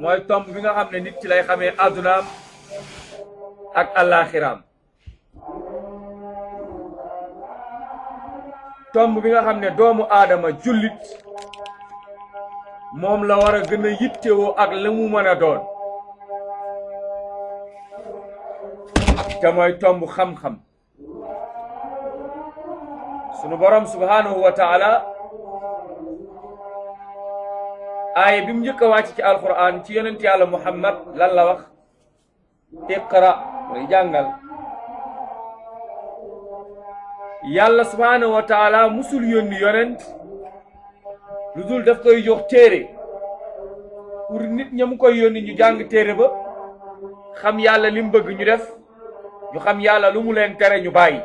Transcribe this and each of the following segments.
mooy tomb bi nga xam ne nit ci lay xamee àddunaam ak àllaaxiraam tomb bi nga xam ne doomu aadama jullit moom la war gën a yittewoo ak la mu mën a doon te mooy tomb xam-xam sunu borom subhaanahu wa taala aaya bi mu njëkk a wàcc ci alquran ci yonent yàlla muhammad lan la wax iqra mooy jàngal yàlla subhaanahu wa mosul musul yónni yonent lu dul daf koy jox téere pour nit ña mu koy yónni ñu jàng téere ba xam yàlla li bëgg ñu def ñu xam yàlla lu mu leen tere ñu bàyyi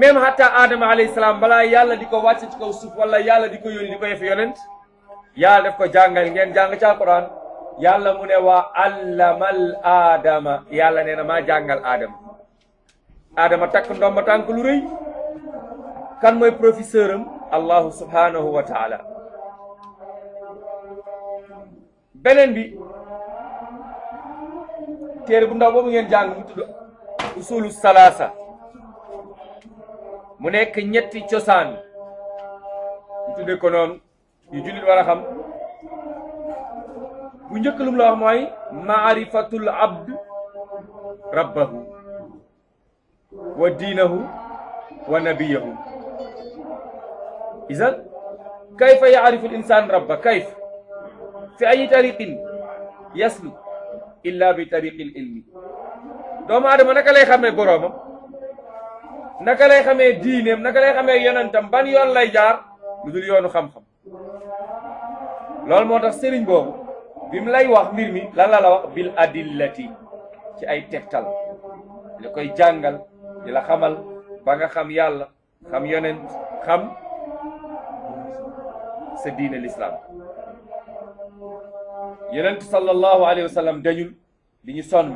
même hatta Adama alayhi salaam balaa yàlla di ko wàcc ci kaw suuf wala yàlla di ko yónni di ko yëf yàlla def ko jàngal ngeen jàng ci alquran yàlla mu ne waa allamal Adama yàlla nee na maa jàngal Adama. Adama takk ndomba tànk lu rëy kan mooy professeur am Allahu subhanahu wa taala beneen bi téere bu ndaw boobu ngeen jàng mu tudd usulu salaasa. mu nekk ñetti cosaan ñu tudde ko noonu yu jullit war a xam bu njëkk lu la wax mooy maarifatul abd rabbahu wa diinahu wa nabiyahu isan kayfa yaarifu insaan rabba kayf fi ay tariqin yasluk illa bi tariqi ilmi doomu aadama naka lay xamee boroomam naka lay xamee diineem naka lay xamee yonentam ban yoon lay jaar lu dul yoonu xam-xam loolu moo tax sëriñ boobu bi mu lay wax mbir mi lan la la wax bil adillati ci ay tegtal li koy jàngal di la xamal ba nga xam yàlla xam yonent xam sa diine lislaam yonent sallallahu alayhi wa sallam dañul li ñu sonn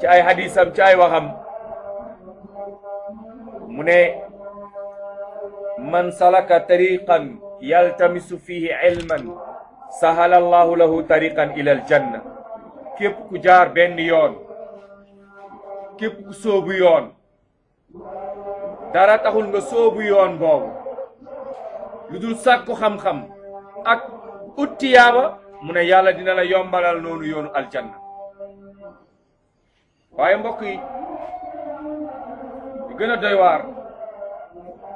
ci ay hadisam ci ay waxam mu ne man salaka tariqan yaltamisu fihi ilman sahala allahu lahu tariqan ila aljanna képp ku jaar benn yoon képp soobu yoon dara taxul nga soobu yoon boobu lu dul sàkku xam-xam ak ut tiyaaba mu ne yàlla dina la yombalal noonu yoonu aljanna waaye mbokk li gën a doy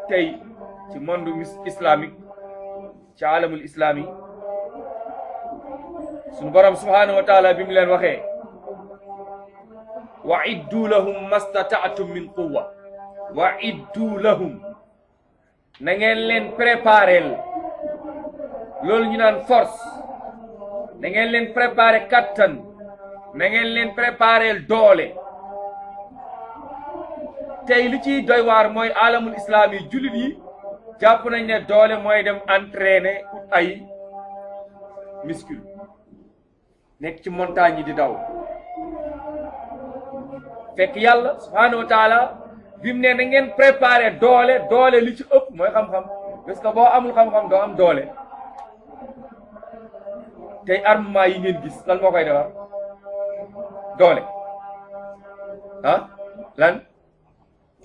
tey ci monde islamique ci alamul islami suñu borom subhaanahu wa bi mu leen waxee wa iddu lahum mastataatum min quwa wa iddu lahum na ngeen leen préparel loolu ñu naan force na ngeen leen préparé kattan na ngeen leen doole tey li ci doy mooy alamul islam yi jullit yi jàpp nañ ne doole mooy dem entraîner ay muscule nekk ci montagne yi di daw fekk yàlla subhaanahu wa taala bi ne na ngeen préparer doole doole li ci ëpp mooy xam-xam parce que boo amul xam-xam doo am doole tey armement yi ngeen gis lan moo koy defar doole ah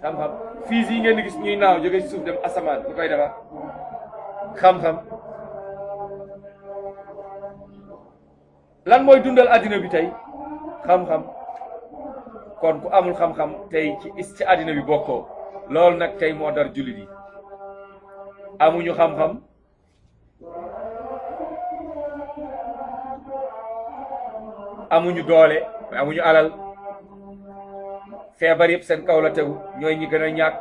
xam-xam fii yi ngeen di gis ñuy naaw jóge si suuf dem asamaan bu koy defar xam-xam lan mooy dundal addina bi tey xam-xam kon ku amul xam-xam tey ci ci addina bi bokkoo loolu nag tey moo dara jullit yi amuñu xam-xam amuñu doole amuñu alal feebar yëpp seen kaw la tegu ñooy ñi gën a ñàkk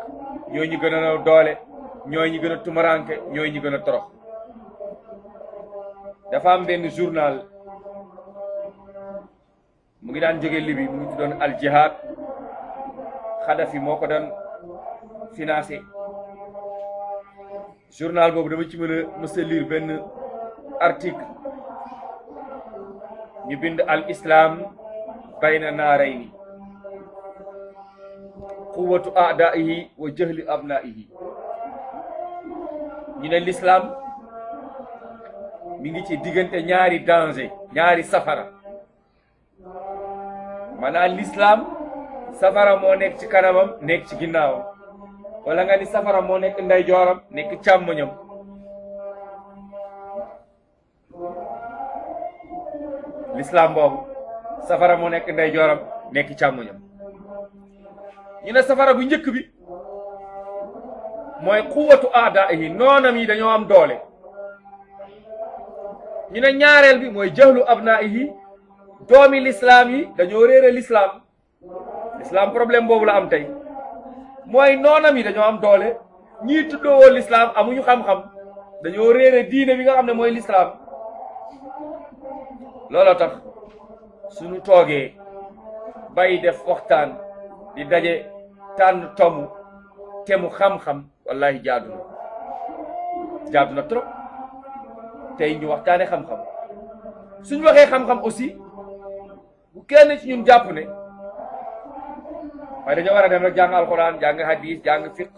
ñooy ñi gën a doole ñoo ñi gën a tumaranke ñooy ñi gën a torox dafa am benn journal mu ngi daan jóge Libi mu ngi tuddoon Al Jihad Xadafi moo ko doon financé journal boobu dama ci mën a mës a benn article ñu bind al na bayna naarayni quwwatu aadaihi wa jahli abnaihi ñu ne l'islam mi ngi ci diggante ñaari danger ñaari safara maanaam l'islam safara moo nekk ci kanamam nekk ci ginnaawam walla nga ni safara moo nekk ndeyjooram nekk càmmoñam l'islam boobu safara moo nekk ndeyjooram nekk càmmoñam ñu ne safara bu njëkk bi mooy quwatu aada yi noonam yi dañoo am doole ñu ne ñaareel bi mooy jahlu abna yi doomi lislaam yi dañoo réere lislaam lislaam problème boobu la am tey mooy noonam yi dañoo am doole ñii tuddoowoo lislaam amuñu xam-xam dañoo réere diine bi nga xam ne mooy lislaam looloo tax suñu toogee bay def waxtaan di daje tànn tomb te mu xam-xam wallahi jaadu na trop te ñu waxtaane xam-xam suñ waxee xam-xam aussi bu kenn ci ñun jàpp ne waaye dañoo war a dem rek jàng alxuraan jàng hadis jàng fiq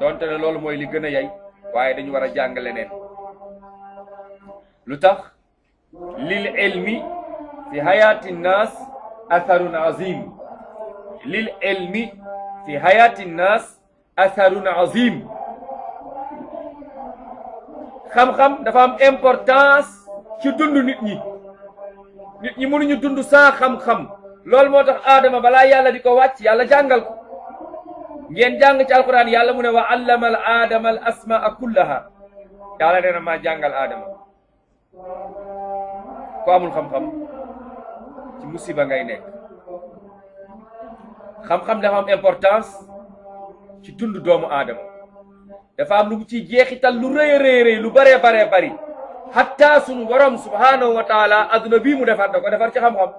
donte loolu mooy li gën a yay waaye dañu war a jàng leneen lu tax lil ilmi fi hayati nnaas atharun azim lil ilmi fi hayati nnas atharun azim xam-xam dafa am importance ci nit ñi nit ñi mënuñu dund sans xam-xam loolu moo tax aadama balaa yàlla di ko wàcc yàlla jàngal ko ngeen jàng ci alquran yàlla mu ne wa allamal aadama al asmaa kullaha yàlla nee na maa jàngal aadama ko amul xam-xam ci musiba ngay nekk xam-xam dafa am importance ci dund doomu aadama dafa am lu ci jeexital lu rëy a rëy lu bëree baree bëri xatta suñu borom subhaanahu wa taala adduna bii mu defar da ko defar ci xam-xam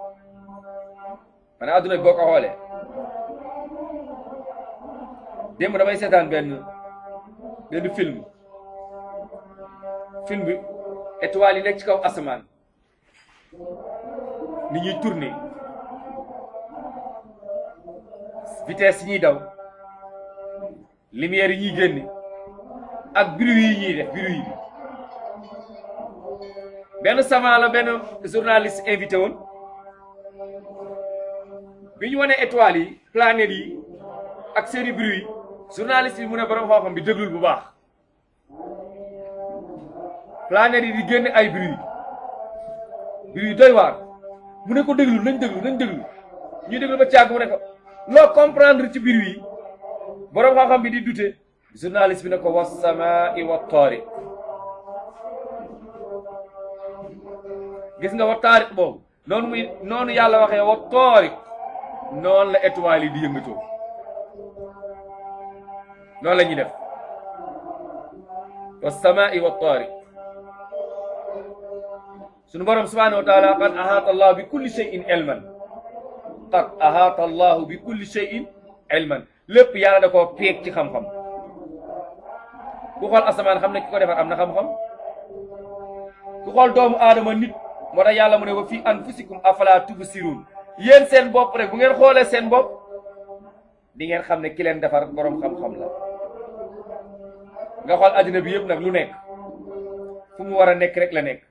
maanaam adduna bi boo ko xoolee damay seetaan benn benn film film bi nekk ci kaw asamaan ni ñuy tourner vitesse yi ñuy daw lumière yi ñuy génne ak bruit yi ñuy def bruit bi benn savant la benn journaliste invité woon bi wane étoiles yi planètes yi ak seeni bruit journaliste yi mu ne borom xam bi déglul bu baax planètes yi di génne ay bruit bruit doy mu ne ko déglul nañ déglu nañ déglu ñuy ba càgg mu ne loo comprendre ci biir wi borom xam-xam bi di dute journaliste bi ne ko wassamaa'i wa taariq gis nga wa taariq boobu noonu muy noonu yàlla waxee wa taariq noonu la étoile di yëngatoo noonu la ñuy def wassamaa'i wa taariq sunu borom subhaanahu wa allah bi kulli shay'in ilman qad ahaata allahu bi kulli shay'in ilman lépp yàlla da koo peeg ci xam-xam ku xool asamaan xam ne ki ko defar am na xam-xam ku xool doomu aadama nit moo tax yàlla mu ne wa fii anfusikum afala tubsirun yéen seen bopp rek bu ngeen xoolee seen bopp di ngeen xam ne ki leen defar borom xam-xam la nga xool àddina bi yëpp nag lu nekk fu mu war a nekk rek la nekk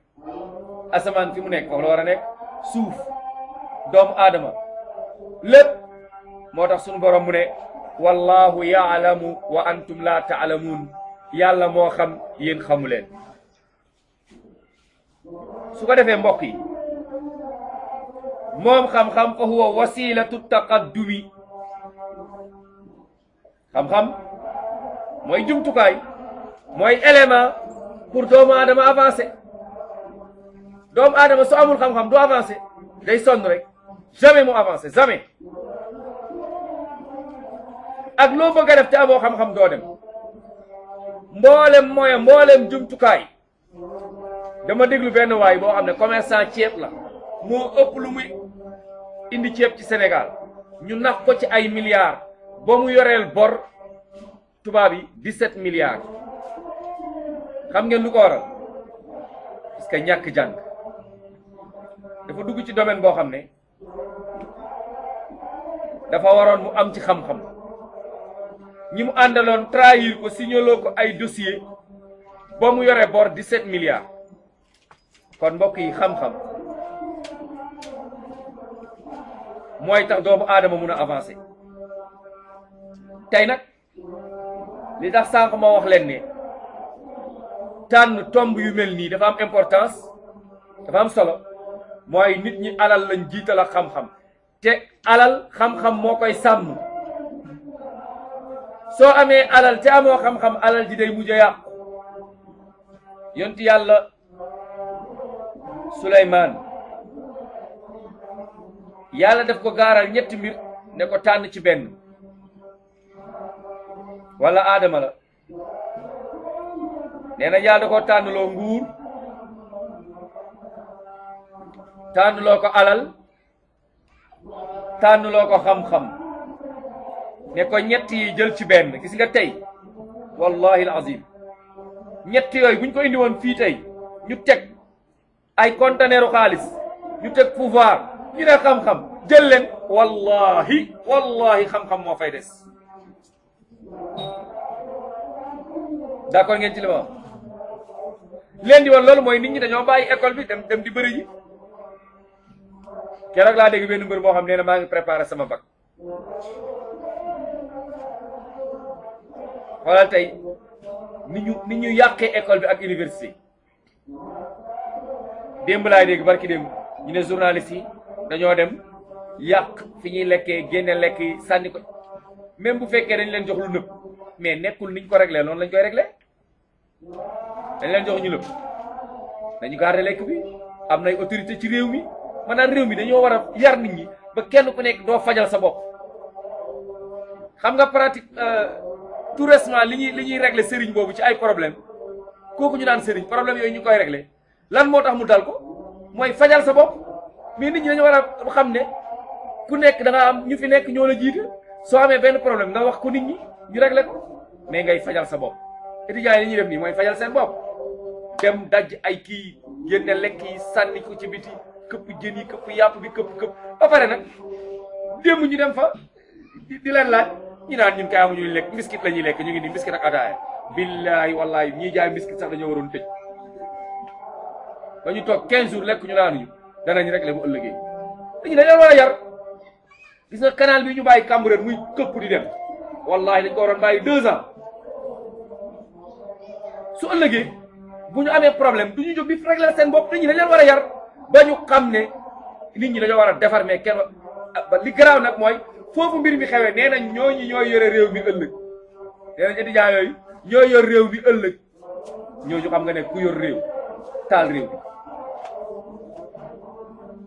asamaan fi mu nekk foofu la war a nekk suuf doomu aadama lépp moo tax sunu borom mu ne wallahu yaalamu wa antum la taalamuun yàlla moo xam yéen xamu leen su ko defee mbokk yi moom xam-xam fa huwa wasilatu taqaddumi xam-xam mooy jumtukaay mooy élément pour doomu aadama avancé doomu aadama su amul xam-xam du avancé day sonn rek jamais mu avancé jamais ak loo bëgg a def te amoo xam-xam doo mboolem moyen mboolem jumtukaay dama déglu benn waay boo xam ne commerçant ceeb la moo ëpp lu muy indi ceeb ci senegal ñu nax ko ci ay milliards ba mu yoreel bor tubaab yi 17 milliards xam ngeen lu ko waral parce que ñàkk jàng dafa dugg ci domaine boo xam ne. dafa waroon mu am ci xam-xam ñi mu àndaloon trahir ko signaloo ko ay dossier ba mu yore bor set milliards kon mbokk yi xam-xam mooy tax doomu aadama mun a avancer tey nag li tax sànq ma wax leen ne tànn tomb yu mel nii dafa am importance dafa am solo mooy nit ñi alal lañ jiital ak xam-xam te alal xam-xam moo koy sàmm soo amee alal te amoo xam-xam alal ji day mujj a yàqu yonti yàlla Suleymaan yàlla daf ko gaaral ñetti mbir ne ko tànn ci benn wala aadama la nee yàlla da ko tànnloo nguur tànnuloo ko alal tànnuloo ko xam-xam ne ko ñett yi jël ci benn gis nga tey wallahi alazim ñett yooyu buñ ko indi woon fii tey ñu teg ay conteneuru xaalis ñu teg pouvoir ñu ne xam-xam jël leen wallahi wallahi xam-xam moo fay des d'accord ngeen ci li ma wax leen di woon loolu mooy nit ñi dañoo bàyyi école bi dem dem di bëri yi keroog laa dégg benn mbër boo xam nee na maa ngi préparé sama bac xoolal tey ni ñu ni ñu yàqee école bi ak université démb laay dégg barki démb ñu ne journaliste yi dañoo dem yàq fi ñuy lekkee génne lekk yi sànni ko même bu fekkee dañ leen jox lu nëb mais nekkul niñ ko réglé noonu lañ koy réglé dañ leen jox ñu nëb dañu garder lekk bi am nay autorité ci réew mi maanaam réew mi dañoo war a yar nit ñi ba kenn ku nekk doo fajal sa bopp xam nga pratique euh, tout récemment li ñuy li ñuy sëriñ boobu ci ay problème kooku ñu daan sëriñ problème yooyu ñu koy régler lan moo tax mu dal ko mooy fajal sa bopp mais nit ñi dañu war a xam ne ku nekk da nga am ñu fi nekk ñoo la jiite soo amee benn problème nga wax ko nit ñi ñu régler ko mais ngay fajal sa bopp étudiants yi li ñuy def nii mooy fajal seen bopp kenn daj ay kii génne lekk yi sànni ko ci biti këpp jën yi këpp yàpp bi këpp këpp ba pare nag démb ñu dem fa di leen laaj ñu naan ñun kay amuñu ñu lekk mbiskit la ñi lekk ñu ngi nii mbiskit a ataaya billahi wallahi ñiy jaay mbiskit sax dañoo waroon tëj ba ñu toog 15 jours lekk ñu naanuñu danañ rek le bu ëllëgee dañu dañ leen war a yar gis nga canal bi ñu bàyyi Cambérène muy këpp di dem wallahi dañ ko waroon bàyyi deux ans su ëllëgee bu ñu amee problème du ñu jóg di régler seen bopp dañu dañ leen war a yar ba ñu xam ne nit ñi dañoo war a defar mais kenn li garaaw nag mooy foofu mbir mi xewee nee nañ ñooñu ñooy yore réew mi ëllëg yooyu ñooy réew mi ëllëg ñooñu xam nga ne ku yor réew taal réew bi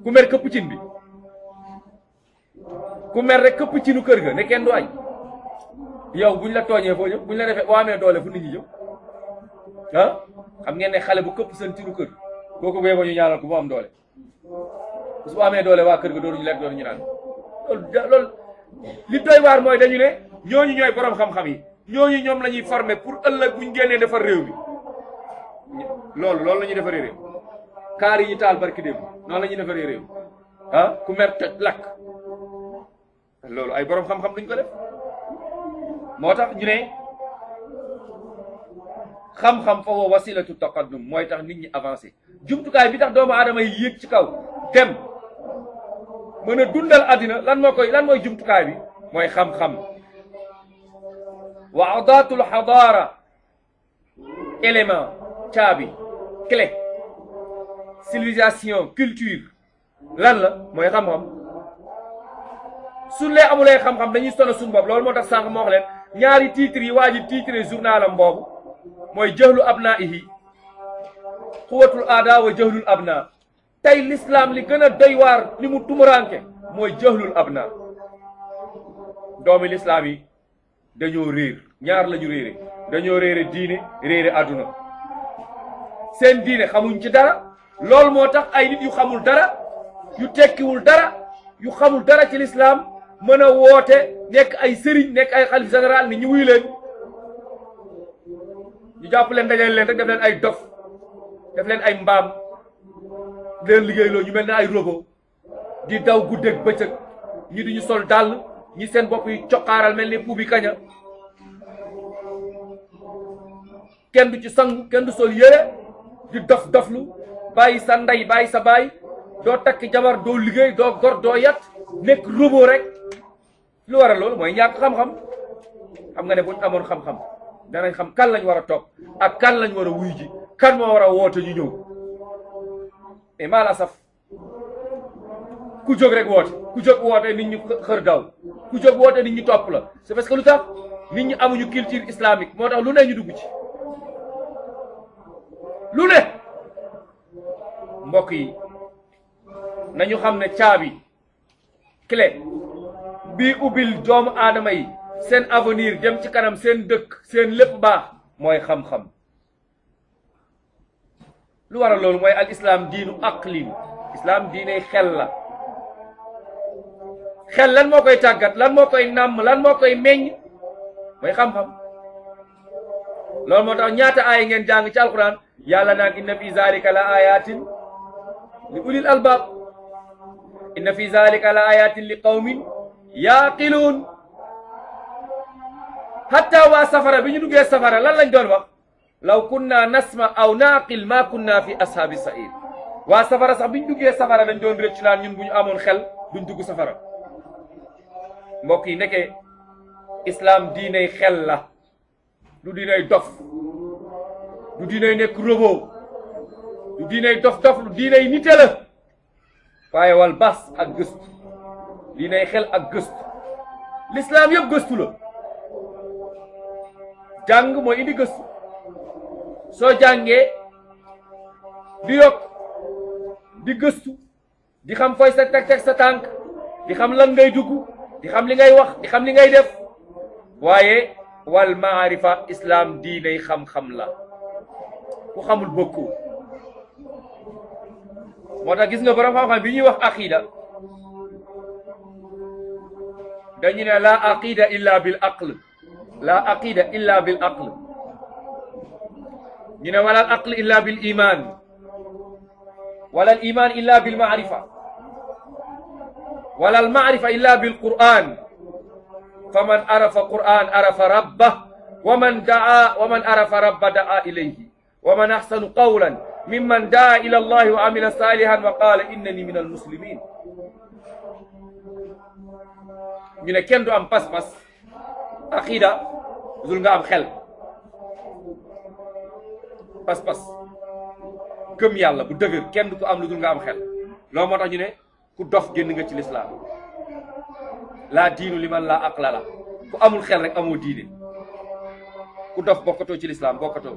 ku mer këpp bi ku mer rek këpp cinu kër ga ne kenn du añ yow buñ la tooñee foo bu buñ la defee boo amee doole fu ni ñi jëm ah xam ngeen ne xale bu këpp seen cinu kër. kooku bu yeboo ñu ñaanal ko mu am doole su amee doole waa kër ga doonuñu lekk doonuñu naan loolu loolu li waar mooy dañu ne ñooñu ñooy borom xam-xam yi ñooñu ñoom la ñuy former pour ëllëg bu ñu génnee defar réew bi lool loolu la ñuy defaree réew kaar yi ñu taal barki démb noonu la ñuy defaree réew ah ku mer toj lakk loolu ay boroom xam-xam duñ ko def moo tax ñu ne xam-xam foofu wasilatu taqaddum mooy tax nit ñi avancé. jumtukaay bi tax doomu aadama yi yéeg ci kaw dem mën a dundal àddina lan moo koy mooy jumtukaay bi mooy xam-xam wa adaatul xadaara élément caabi clé civilisation culture lan la mooy xam-xam suñ lee amulee xam-xam dañuy sono suñ bopp loolu moo tax sànq moo leen ñaari titres yi waa ji titre journalam boobu mooy jëxlu abnaihi xuwatul aada wa jahlul abna tey l'islam li gën a doy waar li mu tumuranke mooy jahlul abna doomi lislaam yi dañoo réer ñaar lañu ñu réere dañoo réer diine réere àdduna seen diine xamuñ ci dara loolu moo tax ay nit yu xamul dara yu tekkiwul dara yu xamul dara ci lislaam mën a woote nekk ay sëriñ nekk ay xalif général ni ñu wuy leen ñu jàpp leen dajale leen rek def leen ay dof def leen ay mbaam di leen liggéeyloo ñu mel ne ay robot di daw guddeeg bëccëg ñi duñu sol dàll ñi seen bopp yi coqaaral mel ni puubi kaña kenn du ci sangu kenn du sol yére di dof doflu bàyyi sa nday bàyyi sa baay doo takk jabar doo liggéey doo gor doo yat nekk robot rek lu waral loolu mooy ñàkk xam-xam xam nga ne buñ amoon xam-xam danañ xam kan lañ war a topp ak kan lañ war a wuy ji kan moo war a woote ñu ñëw mais maa la saf ku jóg rek woote ku jóg woote nit xër daw ku jóg woote nit ñi topp la c'est parce que lu tax nit ñi amuñu culture islamique moo tax lu ne ñu dugg lu ne mbokk yi nañu xam ne caabi clé bii ubbil doomu aadama yi seen avenir jëm ci kanam seen dëkk seen lépp baax mooy xam-xam lu waral loolu mooy al islam diinu aqlin islam diiney xel la xel lan moo koy tàggat lan moo koy nàmm lan moo koy meññ mooy xam-xam loolu moo tax ñaata aay ngeen jàng ci alquran yàlla naan inna fi zalika la ayatin li ulil albab inna fi zalika la ayatin li qawmin yaqiluun hatta waa safara bi ñu duggee safara lan lañ doon wax law kunna nasma aw naaqil ma kunna fi ashaabi sair waa safara sax bi ñu duggee safara dañ doon réccu naan ñun bu ñu amul xel duñ dugg safara mbokk yi nekkee islaam diinay xel la lu diinay dof du diinay nekk robot du diinay dof dof du diinay nite la waaye wal bas ak gëstu diinay xel ak gëstu l'islaam yëpp gëstu la jàng mooy indi gëstu soo jàngee di yokk di gëstu di xam fooy sa teg teg di xam lan ngay dugg di xam li ngay wax di xam li ngay def waaye wal maarifa islaam diiney xam-xam la ku xamul bokkoo moo tax gis nga borom xam-xam bi ñuy wax aqida dañu ne la aqida illa bil aql la aqida illa bil aql ñu ne wala al aql illa bil iman wala al iman illa bil maarifa wala al maarifa illa bil quran faman arafa quran arafa rabbah wa man daa wa man arafa rabba daa ilayhi wa man axsanu qawlan mimman daa ila allahi wa amila salihan wa qaala innani min almuslimin ñu ne kenn du am pas-pas aqida dul nga am xel pas-pas gëm yàlla bu dëgër kenn du ko am lu dul nga am xel loolu moo tax ñu ne ku dof génn nga ci lislaam laa diinu li man laa aqla la ku amul xel rek amoo diine ku dof bokkatoo ci lislaam bokkatoo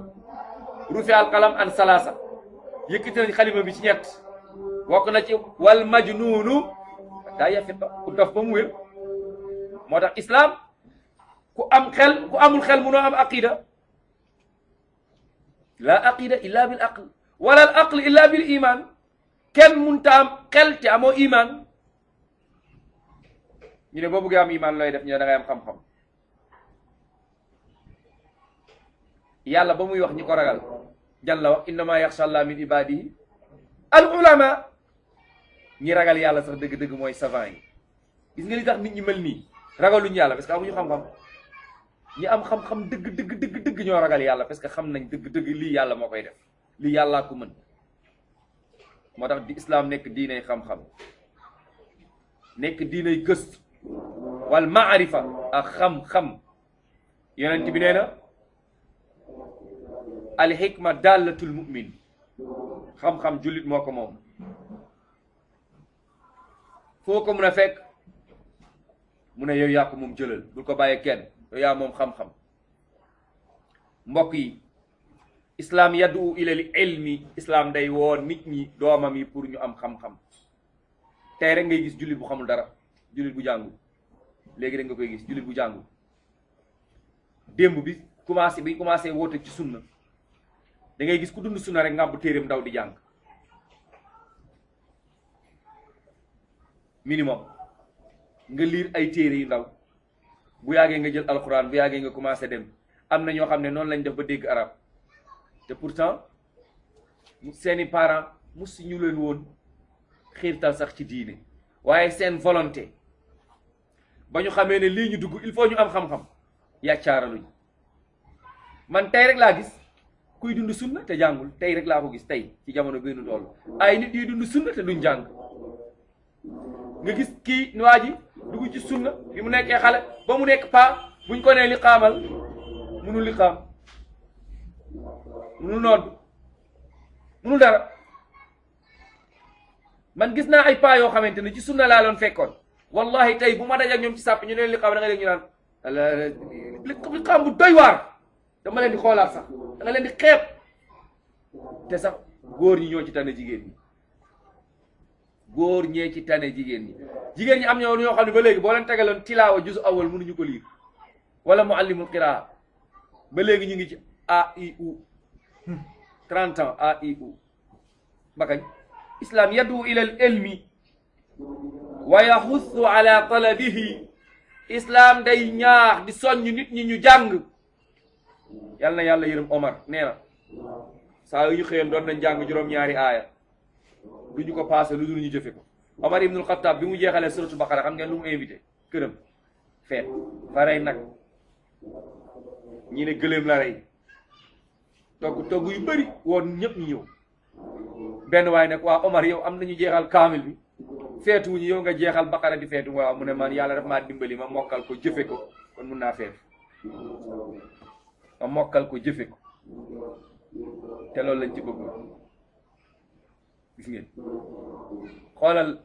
rufi alqalam an salaasa yëkkati nañ ci ñett bokk na ci wal majnuunu daa yafiqa ku dof ba mu moo tax islaam ku am xel ku amul xel munoo am aqida la aqida illa bil aql wala al illa bil iman kenn munta am xel te amoo iman ñu ne boo bëggee am iman looy def ñu ne da xam-xam yàlla ba muy wax ñi ko ragal jalla wax innama yaxsha allah min ibadihi al ulama ñi ragal yàlla sax dëgg-dëgg mooy savant yi gis nga li tax nit ñi mel nii ragaluñu parce que amuñu xam-xam ñi am xam-xam dëgg dëgg dëgg ñoo ragal yàlla parce que xam nañ dëgg dëgg lii yàlla moo koy def lii yàllaa ko mën moo tax di islaam nekk diinay xam-xam nekk diinay gëstu wal maarifa ak xam-xam yonent bi nee na al hikma dallatul mu'min xam-xam jullit moo ko moom foo ko mun a fekk mu a yow yaa ko moom jëlal bul ko bàyyee kenn yaa moom xam-xam mbokk yi islaam yadu ilal ilmi islaam day woo nit ñi doomam yi pour ñu am xam-xam tey rek ngay gis jullit bu xamul dara jullit bu jàngul léegi rek nga koy gis jullit bu jàngul démb bi commencé bi commencé woote ci sunna dangay gis ku dund sunna rek ngàmb téeréem ndaw di jàng minimum nga liir ay téere yu ndaw bu yàggee nga jël alxuraan bu yàggee nga commencé dem am na ñoo xam ne noonu lañ def ba dégg arab te pourtant seeni parents mus ñu leen woon xiirtal sax ci diine waaye seen volonté ba ñu xamee ne lii ñu dugg il faut ñu am xam-xam yàccaaraluñ man tey rek laa gis kuy dund sunna te jàngul tey rek laa ko gis tey ci jamono bii nu toll ay nit yuy dund sunna te duñ jàng nga gis kii waa ji dugg ci sunna bi mu nekkee xale ba mu nekk paa buñ ko nee li xaamal munul li xaam munul nodd munul dara man gis naa ay paa yoo xamante ne ci sunna laa doon fekkoon wallahi tey bu ma dajak ñoom ci sàpp ñu leen li xaam da nga dégg ñu naan li xaam bu doy waar dama leen di xoolaat sax da nga leen di xeeb te sax góor ñi ñoo ci tànn jigéen ñi góor ñee ci tane jigéen ñi jigéen ñi am ñoo ñoo xam ne ba léegi boo leen tegaloon tilaawa jusu awal mënuñu ko liir wala mu allimul qiraa ba léegi ñu ngi ci a i u trente ans a i u bakañ islam yadu ila al ilmi wa yaxussu ala talabihi islam day ñaax di soññ nit ñi ñu jàng yal na yàlla yërëm Omar nee na saa yu ñu xëyoon doon nañ jàng juróom-ñaari aaya du ñu ko passé lu dul ñu jëfe ko Omar ibnul Xattaab bi mu jeexalee suratu Baqara xam ngeen lu mu invité këram feet fa rey nag ñi ne gëléem la rey togg togg yu bëri woon ñëpp ñu ñëw benn waaye nag waa Omar yow am nañu jeexal kaamil bi feetu wuñu yow nga jeexal Baqara di feetu waaw mu ne man yàlla daf maa dimbali ma mokkal ko jëfe ko kon mun naa feetu ma mokkal ko jëfe ko te loolu lañ ci bëgg gis ngeen xoolal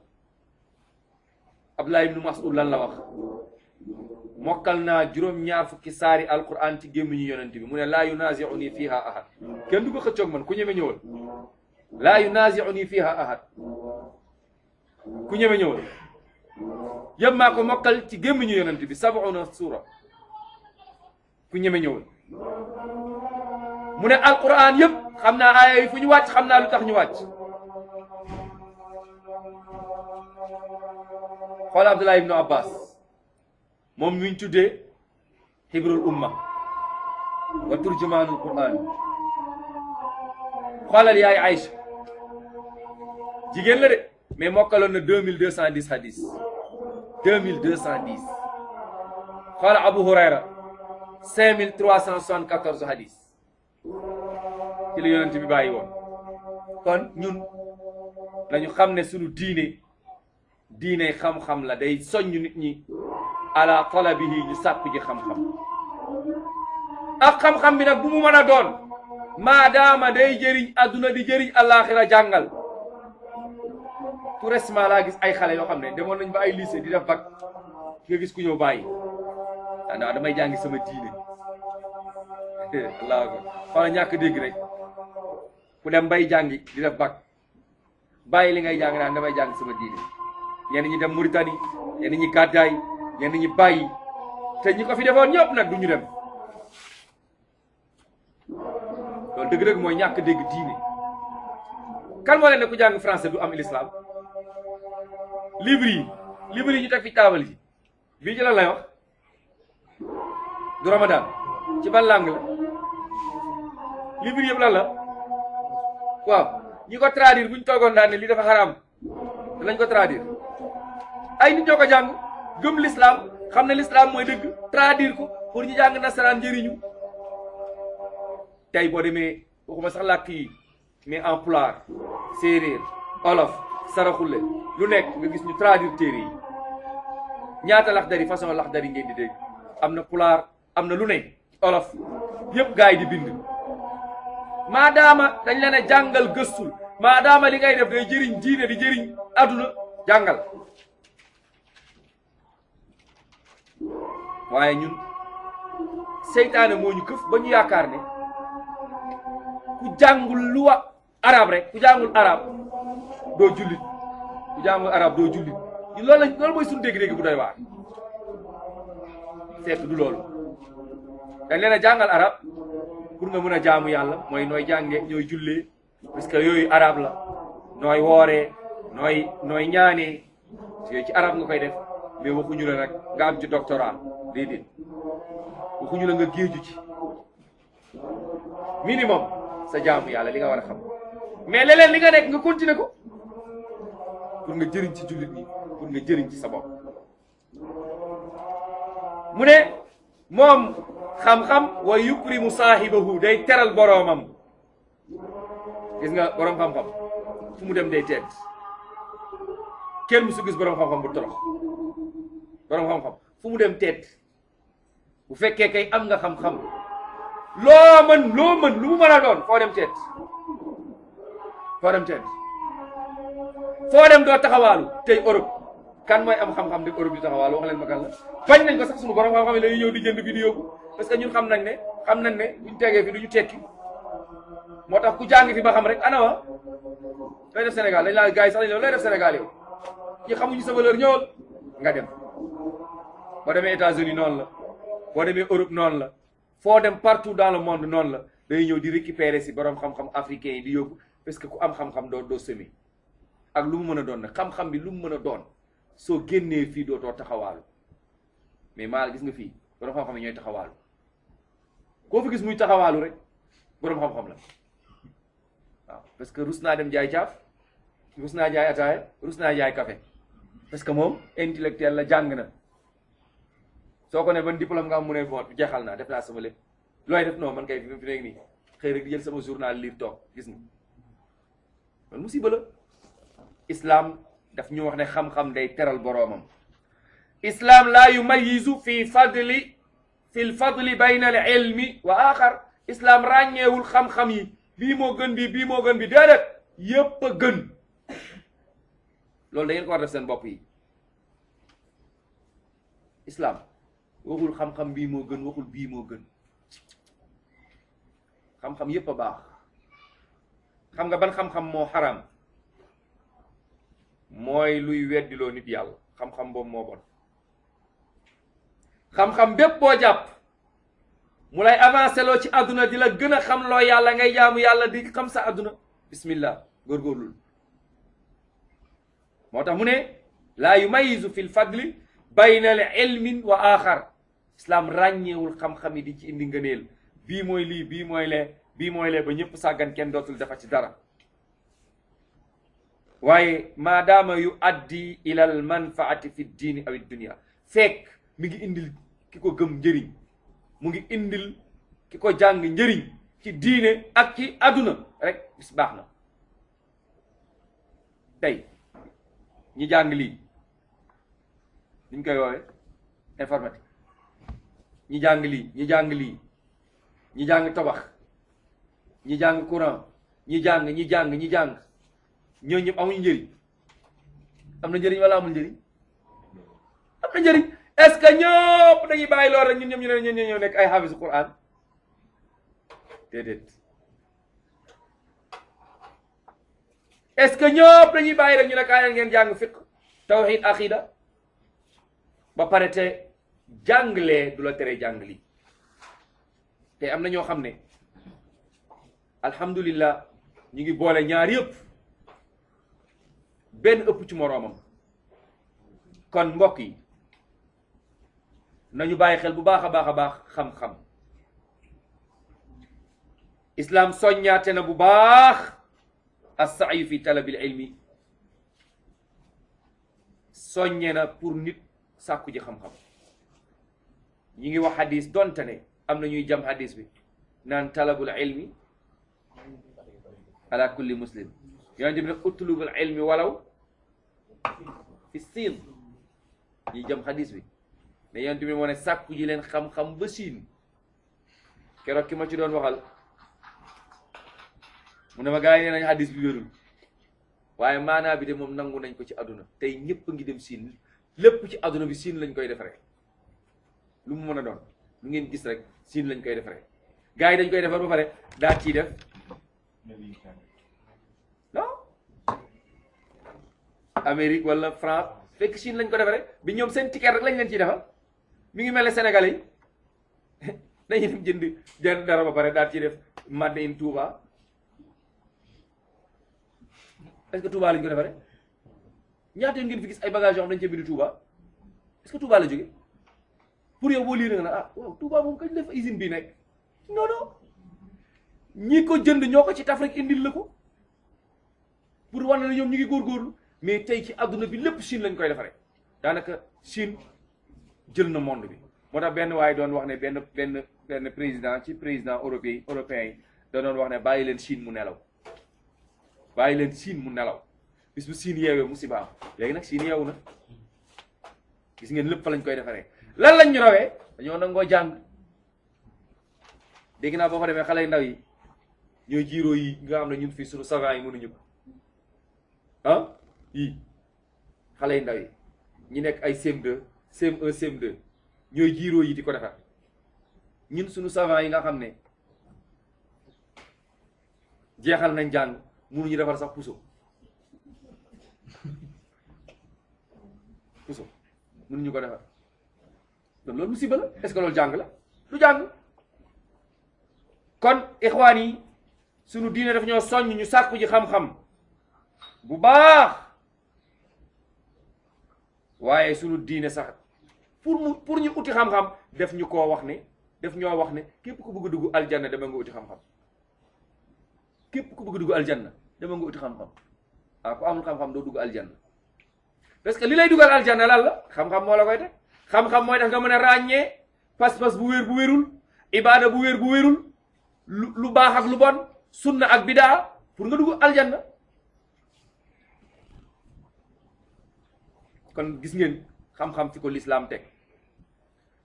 Abdullah ibnu Mas'ud lan la wax mokkal naa juróom-ñaar fukki saari alquran ci gémmiñu yonent mu ne laa yunaziuni fiha ahad kenn du ko xëccoog man ku ñeme ñëwal laa yunaziuni ci gémmiñu yonent bi sabuna suura ku ñeme ñëwal mu ne fu ñu wàcc xam naa lu tax ñu wàcc xool Abdullah ibnu Abbas moom mi ñu hibrul umma wa turjumaanul Qur'an xoolal yaay Aïcha jigéen la de mais mokkaloon na deux mille cent dix hadis deux mille deux cent Abu Hurayra cinq ci la yonent bi bàyyi woon kon ñun nañu xam ne sunu diine diine xam-xam la day soññ nit ñi ala talabihi ñu sàkku ji xam-xam ak xam-xam bi nag bu mu mën a doon maadaama day jëriñ adduna di jëriñ àllaaxira jàngal tout récemment laa gis ay xale yoo xam ne demoon nañ ba ay lycée di def bac nga gis ku ñëw bàyyi daanaka ah damay jàngi sama diine allah ko xanaa ñàkk dégg rek jàngi di li ngay jàng daan damay jàngi sama diine. ñenn ñi dem Mauritanie ñenn ñi gàddaay ñenn ñi bàyyi te ñi ko fi defoon ñëpp nag du ñu dem loolu dëgg-dëgg mooy ñàkk dégg diine kan moo leen ku jàng français du am l'islam livre yi livre yi ñu teg fi taabal ji bii ci lan lay du ramadan ci ban la livre yëpp lan la waaw ñi ko traduire bu ñu toogoon daan ne lii dafa xaraam danañ ko traduire ay nit ñoo jàng gëm l'islam xam ne l'islam mooy dëgg traduire ko pour ñu jàng nasaraan njëriñu tey boo demee waxuma sax làkk yi mais en pulaar séeréer olof saraxule lu nekk nga gis ñu traduire téere yi ñaata laxdari façon laxdari ngeen di dégg am na pulaar am na lu ne olof yëpp gars yi di bind daama dañ leen a jàngal gëstul daama li ngay def day jëriñ diine di jëriñ adduna jàngal waaye ñun seytaane moo ñu këf ba ñu yaakaar ne ku jàngul lu arab rek ku jàngul arab doo jullit ku jàngul arab doo jullit loolu lañ loolu mooy suñu dégg-dégg bu doy waar fekk du loolu dañ leen a jàngal arab pour nga mën a jaamu yàlla mooy nooy jànge ñooy jullee parce que yooyu arab la nooy wooree nooy nooy ñaanee yooyu ci arab nga koy def mais waxuñu la nag nga am ci doctorat déedéet waxuñu la nga géeju ci minimum sa jaamu yàlla li nga war a xam mais leneen li nga nekk nga continuer ko pour nga jëriñ ci jullit ñi pour nga jëriñ ci sa bopp mu ne moom xam-xam wa yukrimu saahibahu day teral boroomam gis nga boroom xam-xam fu mu dem day tedd kenn musu gis boroom xam-xam bu torox boroom xam-xam fu mu dem tedd bu fekkee kay am nga xam-xam loo mën loo mën lu mu mën foo dem teet foo dem teet foo dem doo taxawaalu tey Europe kan mooy am xam-xam def Europe di taxawaalu wax leen ma kan la nañ ko sax suñu xam-xam yi ñëw di jënd bi di yóbbu parce que xam nañ ne xam nañ ne buñ tegee fi du ñu tekki moo tax ku jàng fi ba xam rek ana wa looy def Sénégal dañ laa gars yi sax def Sénégal yow ñi xamuñu sa valeur ñëwal nga dem ba demee États-Unis noonu la. boo demee Europe noonu la foo dem partout dans le monde noonu la day ñëw di récupérer si boroom xam-xam africain yi di yóbbu parce que ku am xam-xam doo doo semi ak lu mu mën a doon nag xam-xam bi lu mu mën a doon soo génnee fii dootoo taxawaalu mais maal gis nga fii borom xam-xam yi ñooy taxawaalu koo fi gis muy taxawaalu rek boroom xam-xam la parce que rus naa dem jaay caaf rus naa jaay ataaya rus naa jaay kafe parce que moom intellectuel la jàng na. soo ko ne ban diplôme nga am mu ne bon jeexal naa sama lépp looy def fi mu nekk nii xëy rek di sama journal lire toog gis nga man musiba la islam daf ñu wax ne xam-xam day teral boroomam islam laa yumayisu fi fadli fi fadli bayna al ilmi wa axar islam ràññeewul xam-xam yi bii moo gën bi bii moo gën bi déedéet yépp a gën loolu ngeen ko war def seen bopp yi islam waxul xam-xam bii moo gën waxul bii moo gën xam-xam yépp a baax xam nga ban xam-xam moo xaraam mooy luy weddiloo nit yàlla xam-xam boobu moo bon xam-xam bépp boo jàpp mu lay avancé loo ci àdduna di la gën a xam loo yàlla ngay jaamu yàlla di xam sa àdduna bismillah góorgóorlul moo tax mu ne laa yumayisu fi l fadli bayna al ilmin wa axar islam ràññeewul xam-xam yi di ci indi ngëneel bii mooy lii bii mooy lee bii mooy ba ñëpp sàggan kenn dootul dafa ci dara waaye maadaama yu addi ilal manfaati fi diini awi dunia fekk mi ngi indil ki ko gëm njëriñ mu ngi indil ki ko jàng njëriñ ci diine ak ci àdduna rek bis baax na tey ñi jàng lii ñu koy woowee informatique ñi jàng lii ñi jàng lii ñi jàng tabax ñi jàng courant ñi jàng ñi jàng ñi jàng ñooñu ñëpp amuñu am na njëriñ wala amul njëriñ am na njëriñ est-ce que ñëpp dañuy bàyyi lool rek ñun ñoom ñu ne ñun ñoo nekk ay xaafisu Qur'an déedéet est-ce que ñëpp dañuy bàyyi rek ñu ne ngeen jàng fiqh tawhid ba pare te jàngalee du la tere jàng li te am na ñoo xam ne alhamdulillah ñu ngi boole ñaar yëpp benn ëpp ci moroomam kon mbokk yi na ñu bàyyi xel bu baax a baax a baax xam-xam islaam soññaate na bu baax as-sa'yu fi talabil ilmi soññee na pour nit sàkku ji xam-xam ñi ngi wax hadis donte ne am na ñuy jam hadis bi naan talabul ilmi ala kulli muslim yonent bi ne utlubul ilmi walaw fi siin ñuy jam hadis bi ne yonent bi moo ne sàkku ji leen xam ba siin keroog ki ma ci doon waxal mu ne ma gars yi nañ hadis bi wérul waaye naa bi de moom nangu nañ ko ci àdduna tey ñëpp ngi dem siin lépp ci àdduna bi siin lañ koy defaree lu mu mën a doon lu ngeen gis rek siin lañ koy defaree gaa yi dañ koy defar ba pare daa ciy def non Amérique wala France fekk siin lañ ko defaree bi ñoom seen ticket rek lañ leen ciy defar mi ngi mel ne Sénégalais yi dañuy dem jënd jënd dara ba pare daal ciy def Made in Touba est-ce que Touba lañ ko defaree ñaata yoon ngeen fi gis ay bagages yoo xam dañ cee bindu Touba est-ce que Touba la jógee. pour yow boo lii nga ne ah waaw Touba kañ la fa usine bi nekk non non ko jënd ñoo ko ci taf rek indil la ko pour wane ne ñoom ñu ngi góorgóorlu mais tey ci adduna bi lépp Chine lañ koy defaree daanaka Chine jël na monde bi. moo tax benn waaye doon wax ne benn benn benn président ci président européen européen yi da doon wax ne bàyyi leen Chine mu nelaw bàyyi leen Chine mu nelaw bis bu Chine yeewee musibaam léegi nag Chine yeewu na gis ngeen lépp fa lañ koy defaree. lan lañ ñu rawee dañoo nangoo jàng dégg naa boo fa demee xale yu ndaw yi ñooy jiiroo yi nga xam ne ñun fii suñu savant yi mënuñu ko ah yii xale yu ndaw yi ñi nekk ay CM2 CM1 CM2 yi di ko defar ñun suñu savant yi nga xam ne jeexal nañ jàng mënuñu defar sax puso puso ñu ko defar donc loolu musiba la est-ce que loolu jàng la du jàng kon ixwaan yi sunu diine daf ñoo soññ ñu sàkku ji xam-xam bu baax waaye sunu diine sax pour mu pour ñu uti xam-xam def ñu koo wax ne def ñoo wax ne képp ku bëgg dugg aljanna dama nga uti xam-xam képp ku bëgg dugg aljanna dama nga uti xam-xam ah ku amul xam-xam doo dugg aljanna parce que li lay dugal aljanna lan la xam-xam moo la koy teg xam-xam mooy tax nga mën a ràññee pas-pas bu wér bu wérul ibaada bu wér bu wérul lu baax ak lu bon sunna ak bidaa pour nga dugg aljanna kon gis ngeen xam-xam fi ko lislaam teg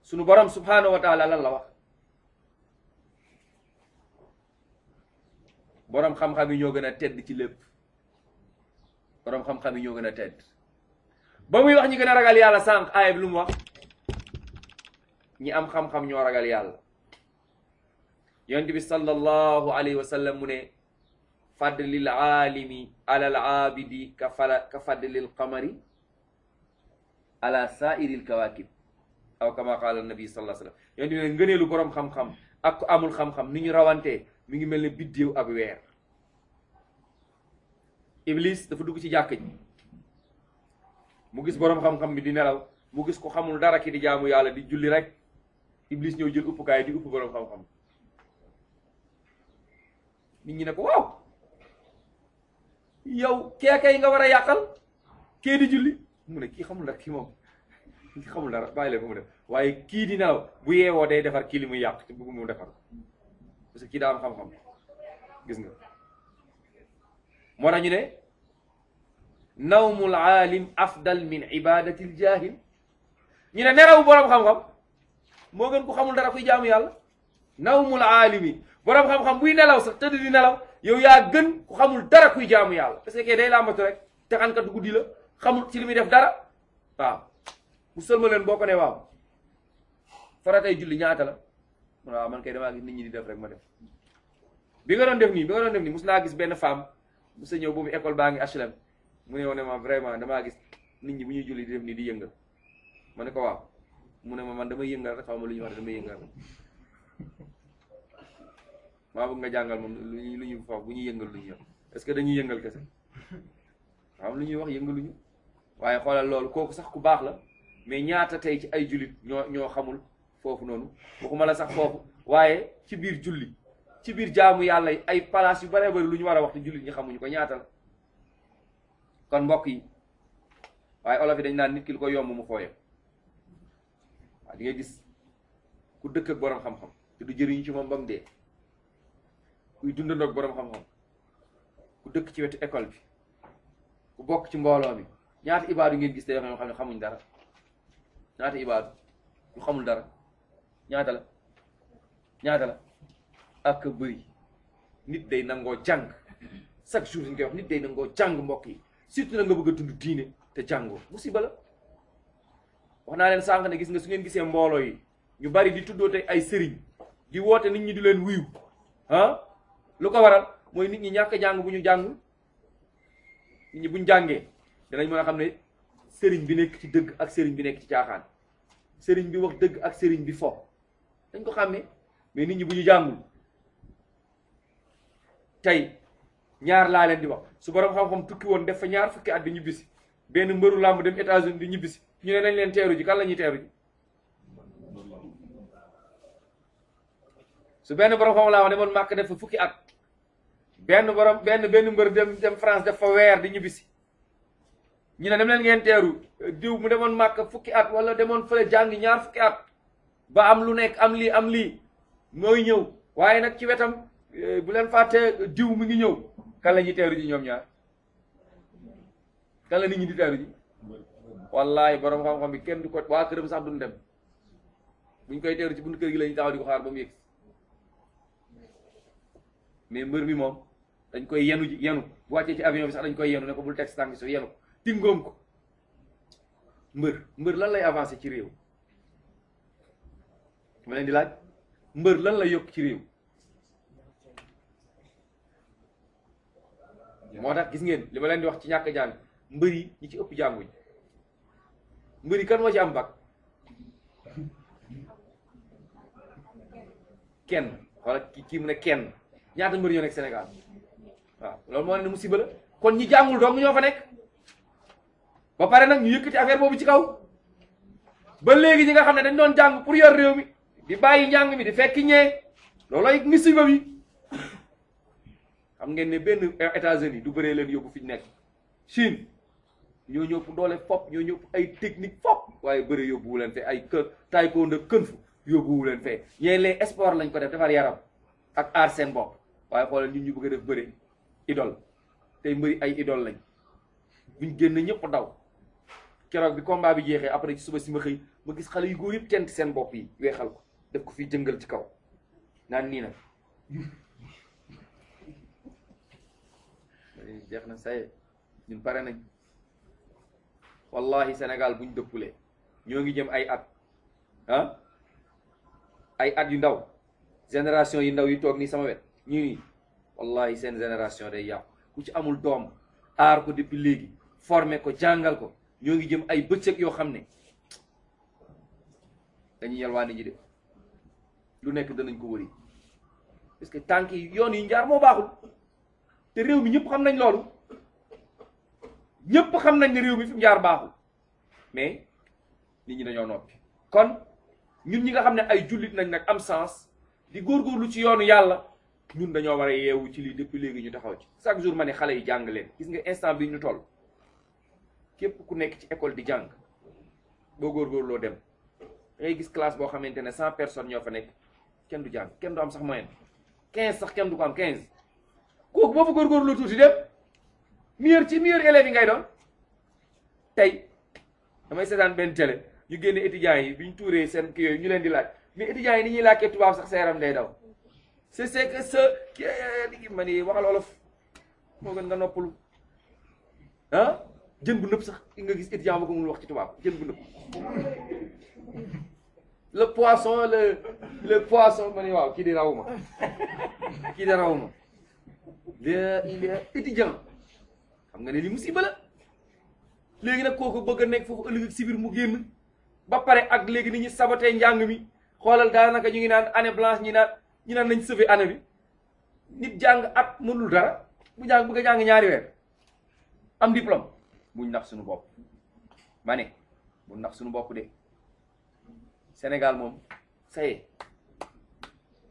sunu borom subhaanahu wa taala la wax boroom xam-xam yi ñoo gën a tedd ci lépp borom xam-xam yi ñoo gën a tedd ba muy wax ñi gën a ragal yàlla sànq aayab lu wax ñi am xam-xam ñoo ragal yàlla yonent bi sallallahu alayhi wa sallam mu ne fadlil aalimi alal aabidi ka fala ka fadlil qamari ala saairil kawaakib aw kama qaala nabi sallallahu alayhi wa sallam yonent bi ne ngëneelu boroom xam-xam ak ku amul xam-xam ni ñu rawantee mi ngi mel ne biddiw ak weer iblis dafa dugg ci jàkk ji mu gis boroom xam-xam bi di nelaw mu gis ko xamul dara ki di jaamu yàlla di julli rek Iblis ñëw jël uppukaay di upp borom xam-xam nit ñi ne ko waaw yow yi nga war a yàqal kee julli mu ne kii xamul dara kii moom kii xamul dara bàyyi leen mu def waaye kii dina bu yeewoo day defar kii li muy yàq te bëgg mu defar parce que kii daa am nga moo tax ñu ne nawmul aalim afdal min ibadatil jaahil ñu ne neraw borom xam-xam moo gën ku xamul dara kuy jaamu yàlla nawmul aalimi borom xam-xam buy nelaw sax tëdd di nelaw yow yaa gën ku xamul dara kuy jaamu yàlla parce que kay day làmbatu rek te xankat guddi la xamul ci li muy def dara waaw bu sëlma leen boo ko ne waaw julli ñaata la mun waaw man kay damaa gis nit ñi di def rek ma def bi nga doon def nii bi nga doon def nii mus naa gis benn femme mu sa ñëw boobu école baa ngi HLM mu ne woon ne ma vraiment damaa gis nit ñi bu ñuy julli di def nii di yëngal ma ne ko waaw mu ne ma man damay yëngal rek xaw ma lu ñu wax damay yëngal maa bëgg nga jàngal moom lu ñuy foofu bu ñuy yëngal lu ñuy wax est que dañuy yëngal kese waaw lu ñuy wax yëngaluñu waaye xoolal loolu kooku sax ku baax la mais ñaata tey ci ay jullit ñoo ñoo xamul foofu noonu waxuma la sax foofu waaye ci biir julli ci biir jaamu yàlla yi ay palaas yu bare bari lu ñu war a wax te jullit ñi xamuñu ko ñaata la kon mbokk yi waaye olof yi dañ naan nit ki ko yomb mu fooye di nga gis ku dëkk boroom borom xam-xam te du jëriñu ci moom ba dee kuy dundandoo ak borom xam-xam ku dëkk ci wetu école bi ku bokk ci mbooloo mi ñaata ibaadu ngay gis te yoo xam ne xamuñ dara ñaata ibaadu ñu xamul dara ñaata la ñaata la ak bëri nit day nangoo jàng chaque jour ñu koy wax nit day nangoo jàng mbokk yi surtout na nga bëgg a dund diine te jàngoo musiba la. wax naa leen sànq ne gis nga su ngeen gisee mbooloo yi ñu bari di tuddoo tey ay sëriñ di woote nit ñu di leen wuyu ah, lu ko waral mooy nit ñi ñàkk a jàng bu ñu jàng nit ñi buñ jàngee danañ mën a xam ne sëriñ bi nekk ci dëgg ak sëriñ bi nekk ci caaxaan sëriñ bi wax dëgg ak sëriñ bi fo dañ ko xàmmee mais nit ñi bu ñu jàngu tey ñaar laa di wax su borom xam-xam tukki woon def fa ñaar fukki at bi ñibbisi benn mbëru làmb dem États-Unis di ñibbisi ñu ne nañ leen teeru ji kan la teeru ji su benn borom xam laa wax demoon màkk def fa fukki at benn borom benn benn mbër dem dem France def fa weer di ñibbisi ñu ne dem leen ngeen teeru diw mu demoon màkk fukki at wala demoon fële jàng ñaar fukki at ba am lu nekk am lii am li mooy ñëw waaye nag ci wetam eh, bu leen fàtte diw mu ngi ñëw kan la ñuy teeru ji ñoom ñaar kan la nit di teeru ji wallahi borom xam-xam bi kenn du ko waa këram sax duñ dem buñ koy teeru ci buntu kër gi lañuy taxaw di ko xaar ba mu yegg mais mbër mi moom dañ koy yenu ji yenu bu wàccee ci avion bi sax dañ koy yenu ne ko bul teg tànk so yenu ko tingoom ko mbër mbër lan lay avancé ci réew ma di laaj mbër lan lay yokk ci réew moo tax gis ngeen li ma leen di wax ci ñàkk jàng mbër yi ñi ci ëpp jànguñ mbir yi kan moo ci am bac kenn wala kii mu ne kenn ñaata mbir ñoo nekk Sénégal waaw loolu moo ne ne musiba la kon ñi jàngul dong ñoo fa nekk ba pare nag ñu yëkkati affaire boobu ci kaw ba léegi ñi nga xam ne dañ doon jàng pour yor réew mi di bàyyi njàng mi di fekk ñee loolooy musiba bi xam ngeen ne benn États-Unis du bëree leen yóbbu fi ñu nekk ñoo ñëw fu doole fop ñoo ñëw ay technique fop waaye bëre yóbbuwu leen fee ay kë taekwondo kën fu yóbbuwu leen fee ñeen les sport lañ ko def defar yaram ak aar seen bopp waaye xoolal ñun ñu bëgg a def bëre idole tey mbëri ay idole lañ buñ génn ñëpp daw keroog bi combat bi jeexee après ci suba si ma xëy ma gis xale yu góor yëpp tent seen bopp yi weexal ko def ko fi jëngal ci kaw naan nii nag jeex na saye ñun pare nañ wallahi Sénégal bu ñu dëppule ñoo ngi jëm ay at ah ay at yu ndaw génération yu ndaw yu toog nii sama wet ñu ni wallahi seen génération de yàqu ku ci amul doom aar ko depuis léegi former ko jàngal ko ñoo ngi jëm ay bëccëg yoo xam ne dañuy yalwaani ji de lu nekk danañ ko wëri parce que tànk yi yoon yu njaar moo baaxul te réew mi ñëpp xam nañ loolu ñëpp xam nañ ne réew mi fi mu jaar baaxul mais nit ñi dañoo noppi kon ñun ñi nga xam ne ay jullit nañ nag am sens di góorgóorlu ci yoonu yàlla ñun dañoo war a yeewu ci lii depuis léegi ñu taxaw ci chaque jour ma ni xale yi jàng leen gis nga instant bi ñu tol képp ku nekk ci école di jàng boo góorgóorloo dem dangay gis classe boo xamante ne cent personnes ñoo fa nekk kenn du jàng kenn du am sax moyenne quinze sax kenn du am quinze kooku boo fa góorgóorloo tuuti dem meilleur ci meilleur élèves yi ngay doon tey damay seetaan benn télé ñu génne étudiants yi bi ñu tuuree seen kii yooyu ñu leen di laaj mais étudiants yi ni ñuy làkkee tubaab sax sa yaram day daw c'est c'est que sa kii eh, ma ni waxal olof moo gën nga noppalu ah jën bu nëpp sax nga gis étudiant ba ko mënul wax ci tubaab jën bu nëpp le poisson le le poisson ma ni waaw kii di rawuma kii di rawuma le il est étudiant xam nga ne li musiba la léegi nag kooku bëgg a nekk foofu ëllëg ak si biir mu génn ba pare ak léegi ni ñu sabatee njàng mi xoolal daanaka ñu ngi naan année blanche ñi naan ñi naan nañ sauver année bi nit jàng at mënul dara bu jàng bëgg a jàng ñaari weer am diplôme buñ nax suñu bopp ma ne bu nax suñu bopp de Sénégal moom saye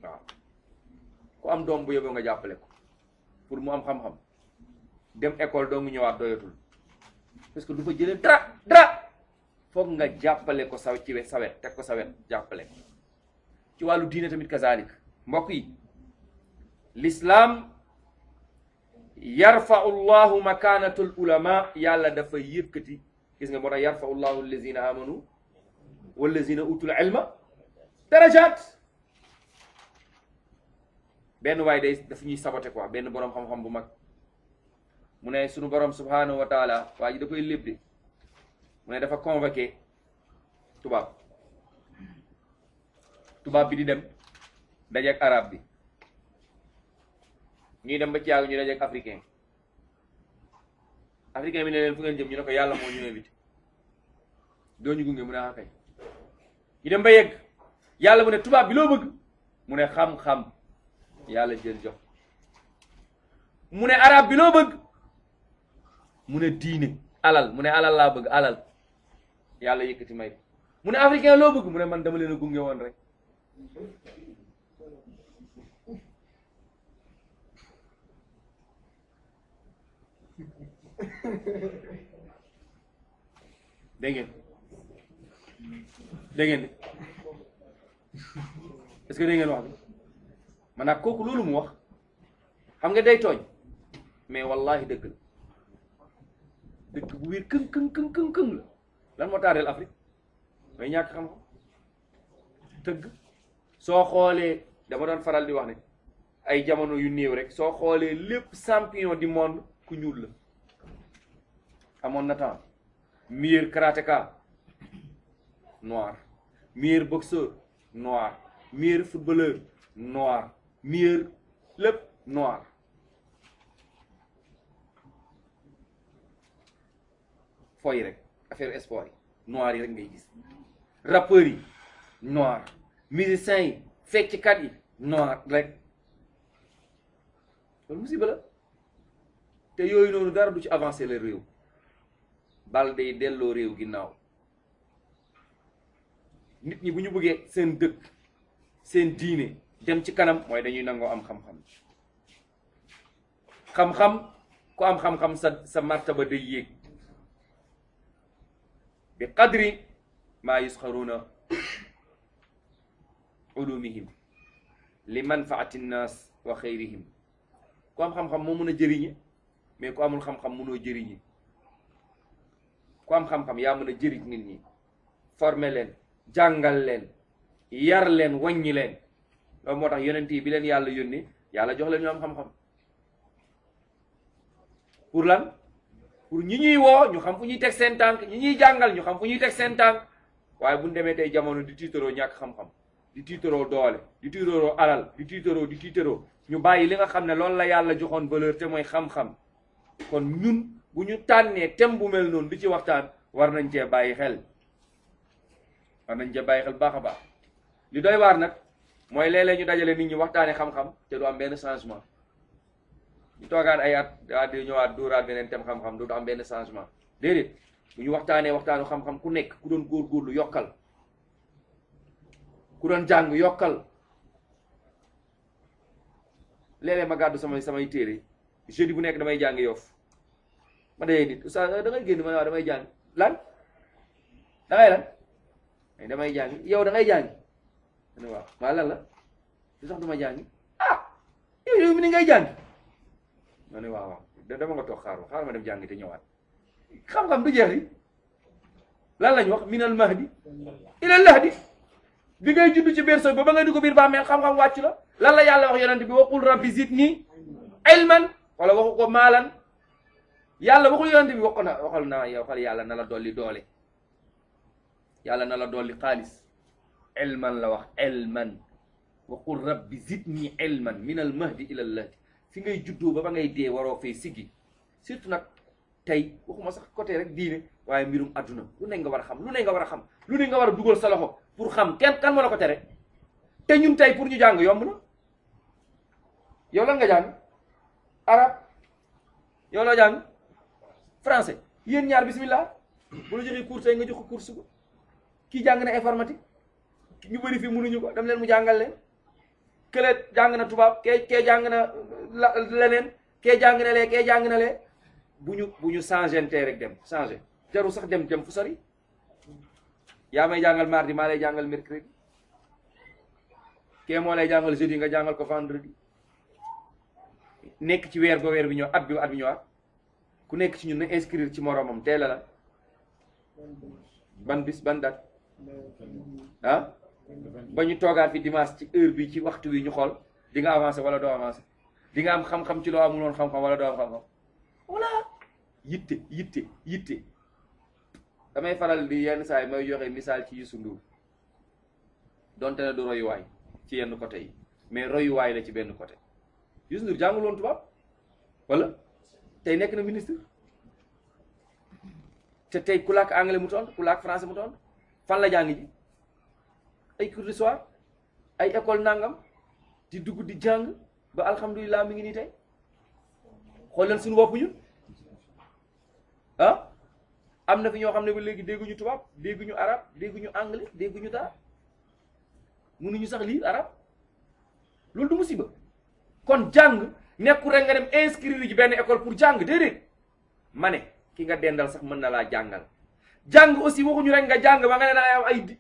waaw ku am doom bu yóbboo nga jàppale ko pour mu am xam-xam dem école doo ngi ñëwaat doyatul parce que du fa jëlee dara dara foog nga jàppale ko saw ci wet sa wet ci wàllu diine tamit kazalik mbokk yi l'islaam yarfau llahu makaanatul ulama yàlla dafa yëkkati gis nga moo tax yarfau llahu allazina amanu wallazina utul ilma darajaat benn waaye day dafa ñuy saboté quoi benn boroom xam-xam bu mag mu ne sunu borom subhanahu wa taala waa ji da koy léb de mu ne dafa convoqué tubaab tubaab bi di dem dajeeg arabe bi ñuy dem ba ci yàgg ñu dajeeg africain africain bi ne leen fu ngeen jëm ñu ne ko yàlla moo ñu invité doo ñu gunge mu ne ah kay ñu dem ba yegg yàlla mu ne tubaab bi loo bëgg mu ne xam-xam yàlla jël jox mu ne arabe bi loo bëgg mu ne diine alal mu ne alal laa bëgg alal yàlla yëkkati may mu ne africain loo bëgg mu man dama leen gunge woon rek dégg ngeen dégg ngeen est-ce que dégg ngeen wax kooku loolu wax xam nga day tooñ mais wallahi dëgg dëkk bu wér këng këng këng këng la lan taareel Afrique may ñàkk xam-xam tëgg soo xoolee dama doon faral di wax ne ay jamono yu néew rek soo xoolee lépp champion du monde ku ñuul la amoon na temps meilleur karatéka noir meilleur boxeur noir meilleur footballeur noir meilleur lépp noir expo rek affaire expo yi noir yi rek ngay gis rappeurs yi noir musiciens yi fecckat yi noir rek loolu musiba la te yooyu noonu dara du ci avancer le réew bal day delloo réew ginnaaw nit ñi bu ñu bëggee seen dëkk seen diine dem ci kanam mooy dañuy nangoo am xam-xam xam-xam ku am xam-xam sa sa martaba day yéeg bi qadri maa yusxaruuna ulumihim li manfaati nnaas wa xayrihim ko am xam-xam moo mun a jëriñe mais ko amul xam-xam munoo jëriñe ku am xam-xam yaa mën a jëriñ nit ñi leen jàngal leen yar leen waññi leen loolu moo tax yonent yi bi yàlla yónni yàlla jox leen ñu am xam-xam pour lan pour ñi ñuy woo ñu xam fu ñuy teg seen tànk ñi ñuy jàngal ñu xam fu ñuy teg seen tànk waaye bu ñu demee tey jamono di tiitaroo ñàkk xam-xam di tiitaroo doole di tiitaroo alal di tiitaroo di tiitaroo ñu bàyyi li nga xam ne loolu la yàlla joxoon valeur te mooy xam-xam kon ñun bu ñu tànnee thème bu mel noonu di ci waxtaan war nañ cee bàyyi xel war nañ cee bàyyi xel baax a baax li doy waar nag mooy léeg-léeg ñu dajale nit ñi waxtaanee xam-xam te du am benn changement. ñu toogaat ay at at di ñëwaat dóoraat beneen tem xam-xam dootu am benn changement déedéet bu ñu waxtaanee waxtaanu xam-xam ku nekk ku doon góorgóorlu yokkal ku doon jàng yokkal léeg-léeg ma gàddu samay samay téere jeudi bu nekk damay jàng yof ma dayee nit oustaz euh, da ngay damay jàng yow da ngay jàng ma ne la lu tax ma jàng ah yow yow mi ni ngay jàng ma ne waaw waaw dama nga toog xaaru xaaral ma dem jàngi te ñëwaat xam-xam du jeex yi lan lañ wax minal mahdi ilal lahdi bi ngay judd ci biir sooy ba ba ngay dugg biir bàmmeel xam-xam wàcc la lan la yàlla wax yonent bi waxul rabbi zidni ilman wala waxu ko maalan yàlla waxul yonent bi waxu na waxal na waxal yàlla na la dolli doole yàlla na la li xaalis ilman la wax ilman waxul rabbi zidni ilman minal mahdi ilal lahdi fi ngay juddoo ba ba ngay dee waroo fay siggi surtout nag tey waxuma sax côté rek diine waaye mbirum adduna lu ne nga war a xam lu ne nga war a xam lu ne nga war a dugal sa loxo pour xam kenn kan moo la ko tere te ñun tey pour ñu jàng yomb na yow la nga jàng arab yow la jàng français yéen ñaar bismillah bu la joxee cours tey nga jox ko cours kii jàng na informatique ñu bëri fii mënuñu ko dem leen mu jàngal leen kële jàng na tubaab kee kee jàng na leneen kee jàng na lee kee jàng na lee bu ñu bu ñu changé rek dem changé jaru sax dem dem fu sori yaa may jàngal mardi maa lay jàngal mercredi kee moo lay jàngal jeudi nga jàngal ko vendredi nekk ci weer ba weer bi ñëw at bi at bi ñëwaat ku nekk ci ñun na inscrire ci moromam teel la ban bis ban date ah ba ñu toogaat fi dimanche ci heure bi ci waxtu wi ñu xool di nga avancé wala doo avancé di nga am xam-xam ci loo amul woon xam-xam wala doo am xam-xam voilà yitte yitte yitte damay faral di yenn saa mooy may joxe misaal ci Youssou Ndour donte ne du royuwaay ci yenn côté yi mais royuwaay la ci benn côté Youssou Ndour jàngul tubaab wala tey nekk na ministre te tey ku làkk anglais mu toon ku làkk français mu toon fan la jàng ji ay cours du ay école nangam di dugg di jàng ba alhamdulilah mi ngi nii tey xool leen suñu bopp ñun ah? am na fi ñoo xam ne ba léegi dégguñu tubaab dégguñu arab dégguñu anglais dégguñu dara mënuñu sax lire arab loolu du musiba kon jàng nekkul rek nga dem yu ji benn école pour jàng déedéet ma ne ki nga dendal sax mën na laa jàngal jàng aussi waxuñu rek nga jàng ba nga ne naa am ay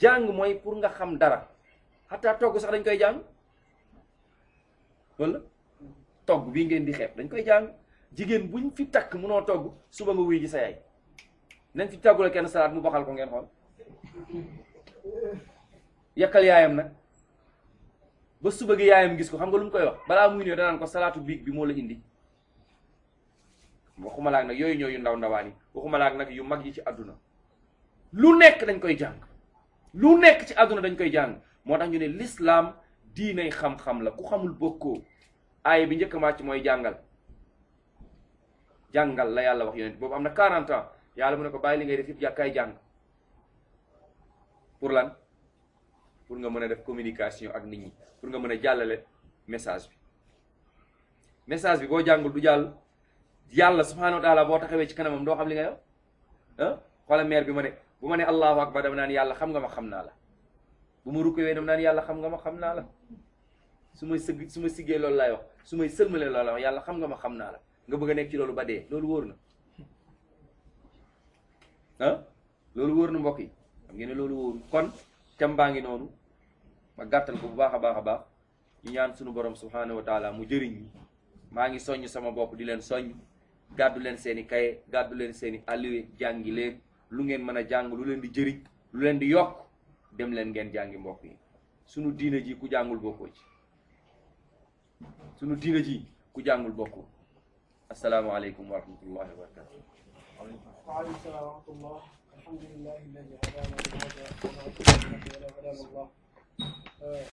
jàng mooy pour nga xam dara xataa togg sax dañ koy jàng wala togg bii ngeen di xeeb dañ koy jàng jigéen buñ fi takk munoo togg suba nga wuy ji sa yaay nañ fi tàggule kenn salaat mu baxal ko ngeen xool yàqal yaayam nag ba suba gi yaayam gis ko xam nga lu mu koy wax balaa muy ñëw danaan ko salaatu biig bi moo la indi waxuma laak nag yooyu ñoo yu ndaw ndawaan yi waxuma laak nag yu mag yi ci àdduna lu nekk dañ koy jàng lu nekk ci àdduna dañ koy jàng moo tax ñu ne lislaam diinay xam-xam la ku xamul bokkoo aaya bi njëkk maa mooy jàngal jàngal la yàlla wax yonent boobu am na 40 yàlla mu ne ko bàyyi li ngay def yëpp yàkkaay jàng pour lan pour nga mën a def communication ak nit ñi pour nga mën a jàllale message bi message bi boo jàngul du jàll yàlla subhanahu wa taala boo taxawee ci kanamam doo xam li nga yow ah xoola maire bi ma ne bu ma ne allahu akbar dama naan yàlla xam nga ma xam naa bu ma rukkoo dama naan yàlla xam nga ma xam naa la su may sëgg su ma siggee loolu laay wax su may sëlmalee loolu wax yàlla xam nga ma xam naa la nga bëgg a nekk ci loolu ba dee loolu wóor na ah loolu wóor na mbokk yi xam ngeen ne loolu kon cam baa ngi noonu ma gàttal ko bu baax a baax a baax ñu ñaan sunu borom subhaanahu wa mu jëriñ maa ngi soññ sama bopp di leen soñ gàddu leen seen i kaye gàddu leen seeni i jàngi leen lu ngeen mën a jàng lu leen di jëriñ lu leen di yokk dem leen ngeen jàngi mbokk yi sunu diin ji ku jàngul bokkoo ci sunu diina ji ku jàngul bokkoo asalaamaaleykum wa rahmatullahi wa